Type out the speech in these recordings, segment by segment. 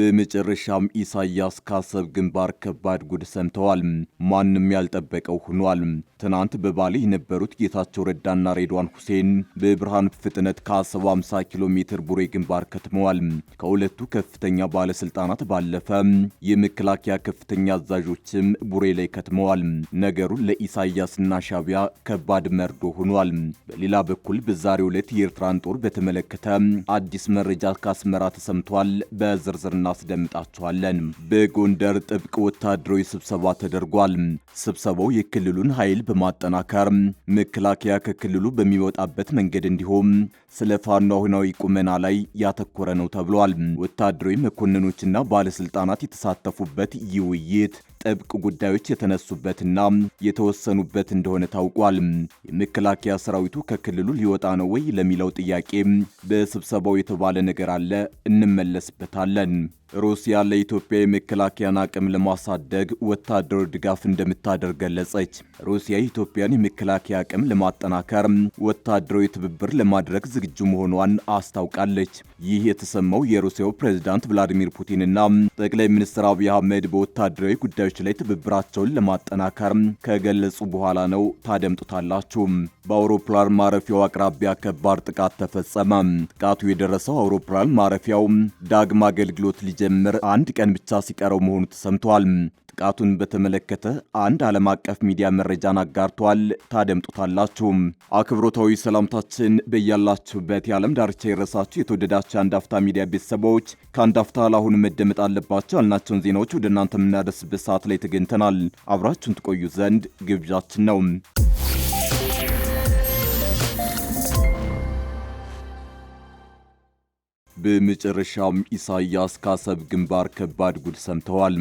በመጨረሻም ኢሳያስ ካሰብ ግንባር ከባድ ጉድ ሰምተዋል። ማንም ያልጠበቀው ሆኗል። ትናንት በባሌ የነበሩት ጌታቸው ረዳና ሬድዋን ሁሴን በብርሃን ፍጥነት ከአሰብ 50 ኪሎ ሜትር ቡሬ ግንባር ከትመዋል። ከሁለቱ ከፍተኛ ባለስልጣናት ባለፈ የመከላከያ ከፍተኛ አዛዦችም ቡሬ ላይ ከትመዋል። ነገሩን ለኢሳያስና ሻቢያ ከባድ መርዶ ሆኗል። በሌላ በኩል በዛሬው ዕለት የኤርትራን ጦር በተመለከተ አዲስ መረጃ ከአስመራ ተሰምቷል። በዝርዝርና እናስደምጣችኋለን። በጎንደር ጥብቅ ወታደራዊ ስብሰባ ተደርጓል። ስብሰባው የክልሉን ኃይል በማጠናከር መከላከያ ከክልሉ በሚወጣበት መንገድ እንዲሁም ስለ ፋኖ አሁናዊ ቁመና ላይ ያተኮረ ነው ተብሏል። ወታደራዊ መኮንኖችና ባለስልጣናት የተሳተፉበት ይህ ውይይት ጥብቅ ጉዳዮች የተነሱበትና የተወሰኑበት እንደሆነ ታውቋል። የመከላከያ ሰራዊቱ ከክልሉ ሊወጣ ነው ወይ ለሚለው ጥያቄ በስብሰባው የተባለ ነገር አለ፣ እንመለስበታለን። ሩሲያ ለኢትዮጵያ የመከላከያን አቅም ለማሳደግ ወታደራዊ ድጋፍ እንደምታደርግ ገለጸች። ሩሲያ የኢትዮጵያን የመከላከያ አቅም ለማጠናከር ወታደራዊ ትብብር ለማድረግ ዝግጁ መሆኗን አስታውቃለች። ይህ የተሰማው የሩሲያው ፕሬዝዳንት ቭላዲሚር ፑቲንና ጠቅላይ ሚኒስትር አብይ አህመድ በወታደራዊ ጉዳዮች ላይ ትብብራቸውን ለማጠናከር ከገለጹ በኋላ ነው። ታደምጡታላችሁ። በአውሮፕላን ማረፊያው አቅራቢያ ከባድ ጥቃት ተፈጸመ። ጥቃቱ የደረሰው አውሮፕላን ማረፊያው ዳግም አገልግሎት ሊጀምር አንድ ቀን ብቻ ሲቀረው መሆኑ ተሰምቷል። ጥቃቱን በተመለከተ አንድ ዓለም አቀፍ ሚዲያ መረጃን አጋርቷል። ታደምጡታላችሁ። አክብሮታዊ ሰላምታችን በያላችሁበት የዓለም ዳርቻ የረሳችሁ የተወደዳችሁ የአንዳፍታ አፍታ ሚዲያ ቤተሰቦች ከአንድ አፍታ ለአሁኑ መደመጥ አለባቸው ያልናቸውን ዜናዎች ወደ እናንተ የምናደርስበት ሰዓት ላይ ተገኝተናል። አብራችሁን ትቆዩ ዘንድ ግብዣችን ነው። በመጨረሻም ኢሳያስ ካሰብ ግንባር ከባድ ጉድ ሰምተዋል።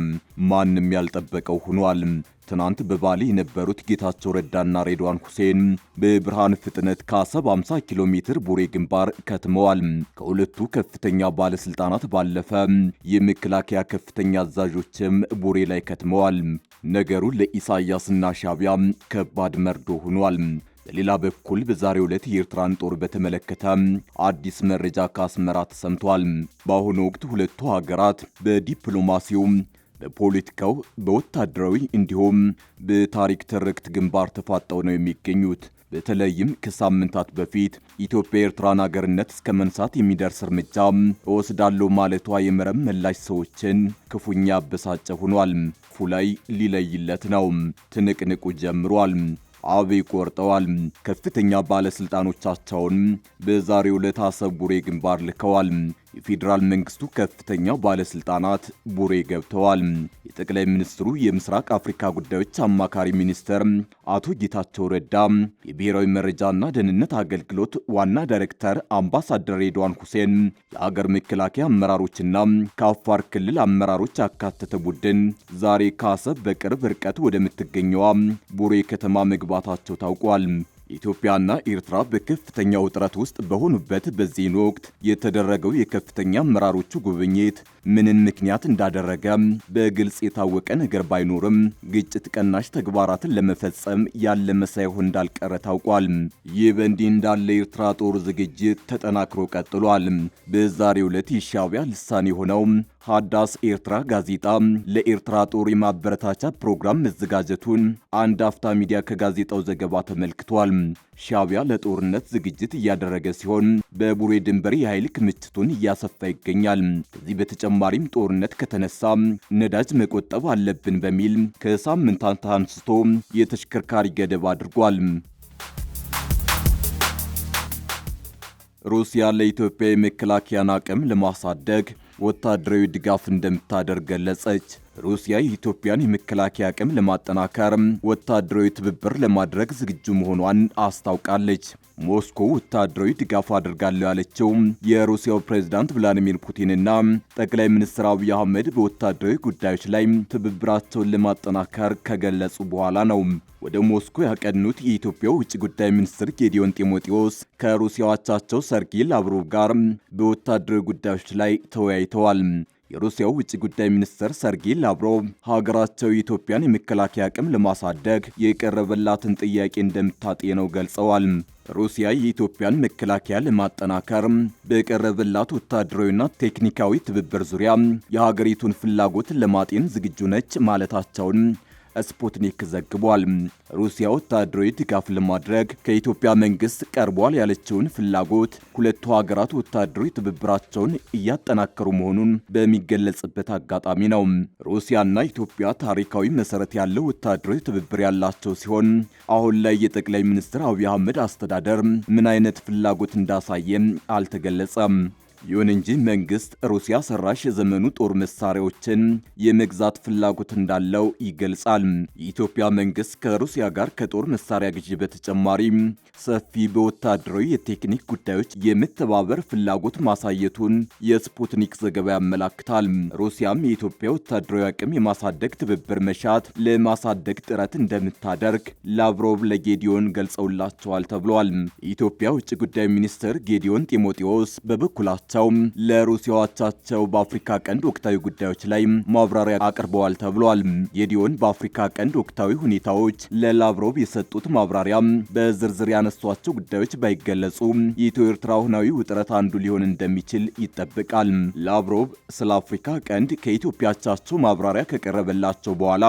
ማንም ያልጠበቀው ሆኗል። ትናንት በባሌ የነበሩት ጌታቸው ረዳና ሬድዋን ሁሴን በብርሃን ፍጥነት ከአሰብ 50 ኪሎ ሜትር ቡሬ ግንባር ከትመዋል። ከሁለቱ ከፍተኛ ባለስልጣናት ባለፈ የመከላከያ ከፍተኛ አዛዦችም ቡሬ ላይ ከትመዋል። ነገሩ ለኢሳያስና ሻቢያ ከባድ መርዶ ሆኗል። በሌላ በኩል በዛሬው ዕለት የኤርትራን ጦር በተመለከተ አዲስ መረጃ ከአስመራ ተሰምቷል። በአሁኑ ወቅት ሁለቱ ሀገራት በዲፕሎማሲው በፖለቲካው፣ በወታደራዊ እንዲሁም በታሪክ ትርክት ግንባር ተፋጠው ነው የሚገኙት። በተለይም ከሳምንታት በፊት ኢትዮጵያ የኤርትራን አገርነት እስከ መንሳት የሚደርስ እርምጃ እወስዳለሁ ማለቷ የመረብ መላሽ ሰዎችን ክፉኛ አበሳጨ ሆኗል። ፉ ላይ ሊለይለት ነው፣ ትንቅንቁ ጀምሯል። አብይ ቆርጠዋል። ከፍተኛ ባለስልጣኖቻቸውን በዛሬው ዕለት ግንባር ልከዋል። የፌዴራል መንግስቱ ከፍተኛ ባለስልጣናት ቡሬ ገብተዋል። የጠቅላይ ሚኒስትሩ የምስራቅ አፍሪካ ጉዳዮች አማካሪ ሚኒስተር አቶ ጌታቸው ረዳ፣ የብሔራዊ መረጃና ደህንነት አገልግሎት ዋና ዳይሬክተር አምባሳደር ሬድዋን ሁሴን፣ የአገር መከላከያ አመራሮችና ከአፋር ክልል አመራሮች ያካተተ ቡድን ዛሬ ከአሰብ በቅርብ ርቀት ወደምትገኘዋ ቡሬ ከተማ መግባታቸው ታውቋል። ኢትዮጵያና ኤርትራ በከፍተኛ ውጥረት ውስጥ በሆኑበት በዚህን ወቅት የተደረገው የከፍተኛ አመራሮቹ ጉብኝት ምንን ምክንያት እንዳደረገ በግልጽ የታወቀ ነገር ባይኖርም ግጭት ቀናሽ ተግባራትን ለመፈጸም ያለመ ሳይሆን እንዳልቀረ ታውቋል። ይህ በእንዲህ እንዳለ የኤርትራ ጦር ዝግጅት ተጠናክሮ ቀጥሏል። በዛሬው ዕለት የሻዕቢያ ልሳን የሆነው ሀዳስ ኤርትራ ጋዜጣ ለኤርትራ ጦር የማበረታቻ ፕሮግራም መዘጋጀቱን አንድ አፍታ ሚዲያ ከጋዜጣው ዘገባ ተመልክቷል። ሻዕቢያ ለጦርነት ዝግጅት እያደረገ ሲሆን በቡሬ ድንበር የኃይል ክምችቱን እያሰፋ ይገኛል። ከዚህ በተጨማ በተጨማሪም ጦርነት ከተነሳ ነዳጅ መቆጠብ አለብን በሚል ከሳምንታት አንስቶ የተሽከርካሪ ገደብ አድርጓል። ሩሲያ ለኢትዮጵያ የመከላከያን አቅም ለማሳደግ ወታደራዊ ድጋፍ እንደምታደርግ ገለጸች። ሩሲያ የኢትዮጵያን የመከላከያ አቅም ለማጠናከር ወታደራዊ ትብብር ለማድረግ ዝግጁ መሆኗን አስታውቃለች። ሞስኮ ወታደራዊ ድጋፍ አድርጋለሁ ያለችው የሩሲያው ፕሬዝዳንት ቭላዲሚር ፑቲንና ጠቅላይ ሚኒስትር አብይ አህመድ በወታደራዊ ጉዳዮች ላይ ትብብራቸውን ለማጠናከር ከገለጹ በኋላ ነው። ወደ ሞስኮ ያቀኑት የኢትዮጵያ ውጭ ጉዳይ ሚኒስትር ጌዲዮን ጢሞቴዎስ ከሩሲያው አቻቸው ሰርጌይ ላቭሮቭ ጋር በወታደራዊ ጉዳዮች ላይ ተወያይተዋል። የሩሲያው ውጭ ጉዳይ ሚኒስትር ሰርጌይ ላቭሮቭ ሀገራቸው የኢትዮጵያን የመከላከያ አቅም ለማሳደግ የቀረበላትን ጥያቄ እንደምታጤነው ገልጸዋል። ሩሲያ የኢትዮጵያን መከላከያ ለማጠናከር በቀረበላት ወታደራዊና ቴክኒካዊ ትብብር ዙሪያ የሀገሪቱን ፍላጎት ለማጤን ዝግጁ ነች ማለታቸውን ስፑትኒክ ዘግቧል። ሩሲያ ወታደራዊ ድጋፍ ለማድረግ ከኢትዮጵያ መንግስት ቀርቧል ያለችውን ፍላጎት ሁለቱ ሀገራት ወታደራዊ ትብብራቸውን እያጠናከሩ መሆኑን በሚገለጽበት አጋጣሚ ነው። ሩሲያና ኢትዮጵያ ታሪካዊ መሰረት ያለው ወታደራዊ ትብብር ያላቸው ሲሆን አሁን ላይ የጠቅላይ ሚኒስትር አብይ አህመድ አስተዳደር ምን አይነት ፍላጎት እንዳሳየ አልተገለጸም። ይሁን እንጂ መንግስት ሩሲያ ሰራሽ የዘመኑ ጦር መሳሪያዎችን የመግዛት ፍላጎት እንዳለው ይገልጻል። የኢትዮጵያ መንግስት ከሩሲያ ጋር ከጦር መሳሪያ ግዢ በተጨማሪ ሰፊ በወታደራዊ የቴክኒክ ጉዳዮች የመተባበር ፍላጎት ማሳየቱን የስፑትኒክ ዘገባ ያመላክታል። ሩሲያም የኢትዮጵያ ወታደራዊ አቅም የማሳደግ ትብብር መሻት ለማሳደግ ጥረት እንደምታደርግ ላቭሮቭ ለጌዲዮን ገልጸውላቸዋል ተብሏል። የኢትዮጵያ ውጭ ጉዳይ ሚኒስትር ጌዲዮን ጢሞቴዎስ በበኩላቸው አቻቸው ለሩሲያ አቻቸው በአፍሪካ ቀንድ ወቅታዊ ጉዳዮች ላይ ማብራሪያ አቅርበዋል ተብሏል። የዲዮን በአፍሪካ ቀንድ ወቅታዊ ሁኔታዎች ለላቭሮቭ የሰጡት ማብራሪያ በዝርዝር ያነሷቸው ጉዳዮች ባይገለጹ የኢትዮ ኤርትራ አሁናዊ ውጥረት አንዱ ሊሆን እንደሚችል ይጠበቃል። ላቭሮቭ ስለ አፍሪካ ቀንድ ከኢትዮጵያ አቻቸው ማብራሪያ ከቀረበላቸው በኋላ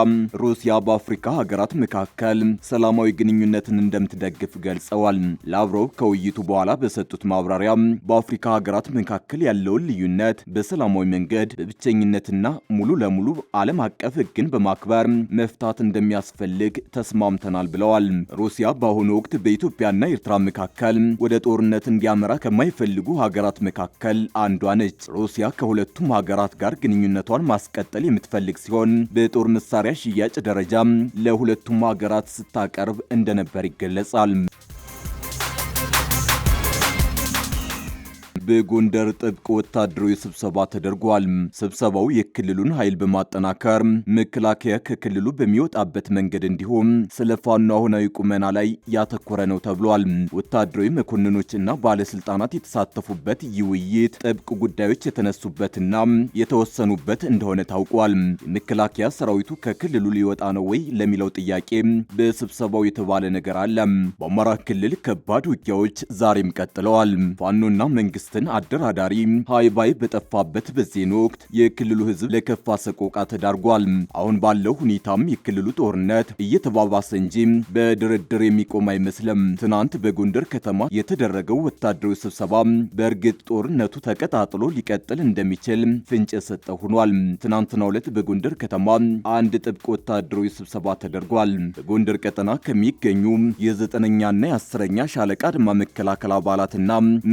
ሩሲያ በአፍሪካ ሀገራት መካከል ሰላማዊ ግንኙነትን እንደምትደግፍ ገልጸዋል። ላቭሮቭ ከውይይቱ በኋላ በሰጡት ማብራሪያ በአፍሪካ ሀገራት መካከል ያለውን ልዩነት በሰላማዊ መንገድ በብቸኝነትና ሙሉ ለሙሉ ዓለም አቀፍ ሕግን በማክበር መፍታት እንደሚያስፈልግ ተስማምተናል ብለዋል። ሩሲያ በአሁኑ ወቅት በኢትዮጵያና ኤርትራ መካከል ወደ ጦርነት እንዲያመራ ከማይፈልጉ ሀገራት መካከል አንዷ ነች። ሩሲያ ከሁለቱም ሀገራት ጋር ግንኙነቷን ማስቀጠል የምትፈልግ ሲሆን በጦር መሳሪያ ሽያጭ ደረጃ ለሁለቱም ሀገራት ስታቀርብ እንደነበር ይገለጻል። በጎንደር ጥብቅ ወታደራዊ ስብሰባ ተደርጓል። ስብሰባው የክልሉን ኃይል በማጠናከር መከላከያ ከክልሉ በሚወጣበት መንገድ እንዲሁም ስለ ፋኖ አሁናዊ ቁመና ላይ ያተኮረ ነው ተብሏል። ወታደራዊ መኮንኖችና ባለስልጣናት የተሳተፉበት ይህ ውይይት ጥብቅ ጉዳዮች የተነሱበትና የተወሰኑበት እንደሆነ ታውቋል። መከላከያ ሰራዊቱ ከክልሉ ሊወጣ ነው ወይ ለሚለው ጥያቄ በስብሰባው የተባለ ነገር አለ። በአማራ ክልል ከባድ ውጊያዎች ዛሬም ቀጥለዋል። ፋኖና መንግስት የህወሓትን አደራዳሪ ሃይባይ በጠፋበት በዚህን ወቅት የክልሉ ህዝብ ለከፋ ሰቆቃ ተዳርጓል። አሁን ባለው ሁኔታም የክልሉ ጦርነት እየተባባሰ እንጂ በድርድር የሚቆም አይመስልም። ትናንት በጎንደር ከተማ የተደረገው ወታደራዊ ስብሰባ በእርግጥ ጦርነቱ ተቀጣጥሎ ሊቀጥል እንደሚችል ፍንጭ የሰጠ ሆኗል። ትናንትና ዕለት በጎንደር ከተማ አንድ ጥብቅ ወታደራዊ ስብሰባ ተደርጓል። በጎንደር ቀጠና ከሚገኙ የዘጠነኛና የአስረኛ ሻለቃ አድማ መከላከል አባላትና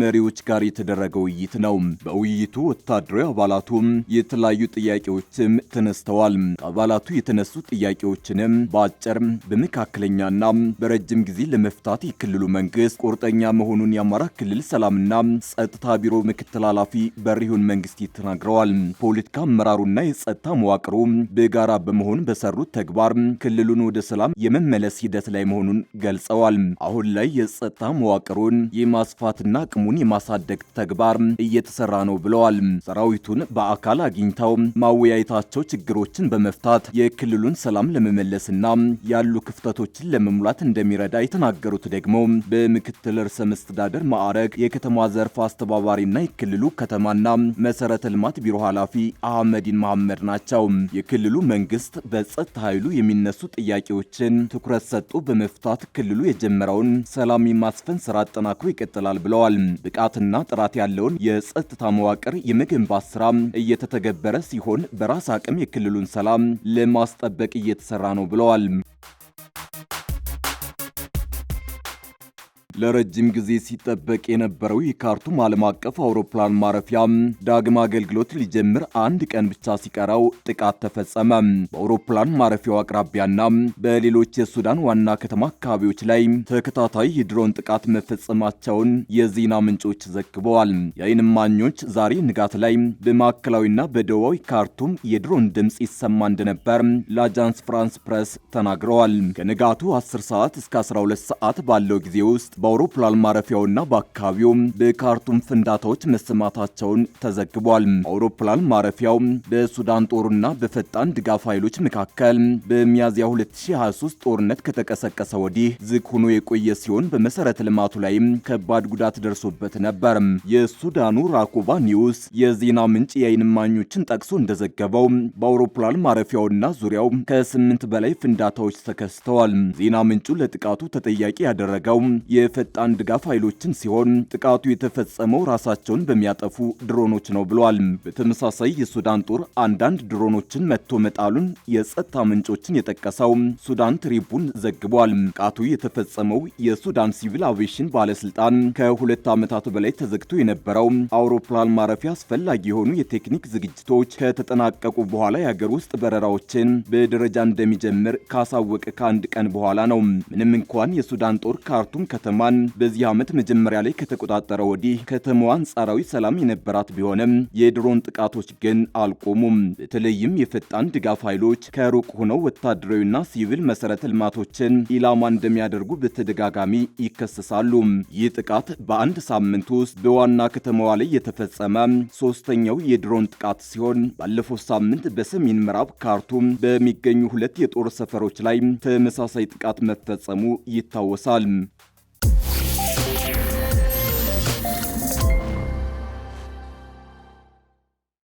መሪዎች ጋር የተደረ የተደረገ ውይይት ነው። በውይይቱ ወታደራዊ አባላቱ የተለያዩ ጥያቄዎችም ተነስተዋል። ከአባላቱ የተነሱ ጥያቄዎችንም በአጭር በመካከለኛና በረጅም ጊዜ ለመፍታት የክልሉ መንግስት ቁርጠኛ መሆኑን የአማራ ክልል ሰላምና ጸጥታ ቢሮ ምክትል ኃላፊ በሪሁን መንግስቴ ተናግረዋል። ፖለቲካ አመራሩና የጸጥታ መዋቅሩ በጋራ በመሆን በሰሩት ተግባር ክልሉን ወደ ሰላም የመመለስ ሂደት ላይ መሆኑን ገልጸዋል። አሁን ላይ የጸጥታ መዋቅሩን የማስፋትና አቅሙን የማሳደግ ተግባር እየተሰራ ነው ብለዋል። ሰራዊቱን በአካል አግኝተው ማወያየታቸው ችግሮችን በመፍታት የክልሉን ሰላም ለመመለስና ያሉ ክፍተቶችን ለመሙላት እንደሚረዳ የተናገሩት ደግሞ በምክትል ርዕሰ መስተዳደር ማዕረግ የከተማ ዘርፍ አስተባባሪና የክልሉ ከተማና መሰረተ ልማት ቢሮ ኃላፊ አህመዲን መሐመድ ናቸው። የክልሉ መንግስት በጸጥታ ኃይሉ የሚነሱ ጥያቄዎችን ትኩረት ሰጡ በመፍታት ክልሉ የጀመረውን ሰላም የማስፈን ስራ አጠናክሮ ይቀጥላል ብለዋል። ብቃትና ጥራት ያለውን የጸጥታ መዋቅር የመገንባት ስራ እየተተገበረ ሲሆን በራስ አቅም የክልሉን ሰላም ለማስጠበቅ እየተሰራ ነው ብለዋል። ለረጅም ጊዜ ሲጠበቅ የነበረው የካርቱም ዓለም አቀፍ አውሮፕላን ማረፊያ ዳግም አገልግሎት ሊጀምር አንድ ቀን ብቻ ሲቀረው ጥቃት ተፈጸመ። በአውሮፕላን ማረፊያው አቅራቢያና በሌሎች የሱዳን ዋና ከተማ አካባቢዎች ላይ ተከታታይ የድሮን ጥቃት መፈጸማቸውን የዜና ምንጮች ዘግበዋል። የዓይን እማኞች ዛሬ ንጋት ላይ በማዕከላዊና በደቡባዊ ካርቱም የድሮን ድምፅ ይሰማ እንደነበር ለአጃንስ ፍራንስ ፕረስ ተናግረዋል። ከንጋቱ 10 ሰዓት እስከ 12 ሰዓት ባለው ጊዜ ውስጥ በአውሮፕላን ማረፊያውና በአካባቢው በካርቱም ፍንዳታዎች መሰማታቸውን ተዘግቧል። አውሮፕላን ማረፊያው በሱዳን ጦርና በፈጣን ድጋፍ ኃይሎች መካከል በሚያዝያ 2023 ጦርነት ከተቀሰቀሰ ወዲህ ዝግ ሆኖ የቆየ ሲሆን በመሰረተ ልማቱ ላይም ከባድ ጉዳት ደርሶበት ነበር። የሱዳኑ ራኮባ ኒውስ የዜና ምንጭ የአይን እማኞችን ጠቅሶ እንደዘገበው በአውሮፕላን ማረፊያውና ዙሪያው ከስምንት በላይ ፍንዳታዎች ተከስተዋል። ዜና ምንጩ ለጥቃቱ ተጠያቂ ያደረገው የ የፈጣን ድጋፍ ኃይሎችን ሲሆን ጥቃቱ የተፈጸመው ራሳቸውን በሚያጠፉ ድሮኖች ነው ብሏል። በተመሳሳይ የሱዳን ጦር አንዳንድ ድሮኖችን መጥቶ መጣሉን የጸጥታ ምንጮችን የጠቀሰው ሱዳን ትሪቡን ዘግቧል። ጥቃቱ የተፈጸመው የሱዳን ሲቪል አቪዬሽን ባለስልጣን ከሁለት ዓመታት በላይ ተዘግቶ የነበረው አውሮፕላን ማረፊያ አስፈላጊ የሆኑ የቴክኒክ ዝግጅቶች ከተጠናቀቁ በኋላ የአገር ውስጥ በረራዎችን በደረጃ እንደሚጀምር ካሳወቀ ከአንድ ቀን በኋላ ነው። ምንም እንኳን የሱዳን ጦር ካርቱም ከተማ ከተማን በዚህ ዓመት መጀመሪያ ላይ ከተቆጣጠረ ወዲህ ከተማዋ አንጻራዊ ሰላም የነበራት ቢሆንም የድሮን ጥቃቶች ግን አልቆሙም። በተለይም የፈጣን ድጋፍ ኃይሎች ከሩቅ ሆነው ወታደራዊና ሲቪል መሰረተ ልማቶችን ኢላማ እንደሚያደርጉ በተደጋጋሚ ይከሰሳሉ። ይህ ጥቃት በአንድ ሳምንት ውስጥ በዋና ከተማዋ ላይ የተፈጸመ ሶስተኛው የድሮን ጥቃት ሲሆን ባለፈው ሳምንት በሰሜን ምዕራብ ካርቱም በሚገኙ ሁለት የጦር ሰፈሮች ላይ ተመሳሳይ ጥቃት መፈጸሙ ይታወሳል።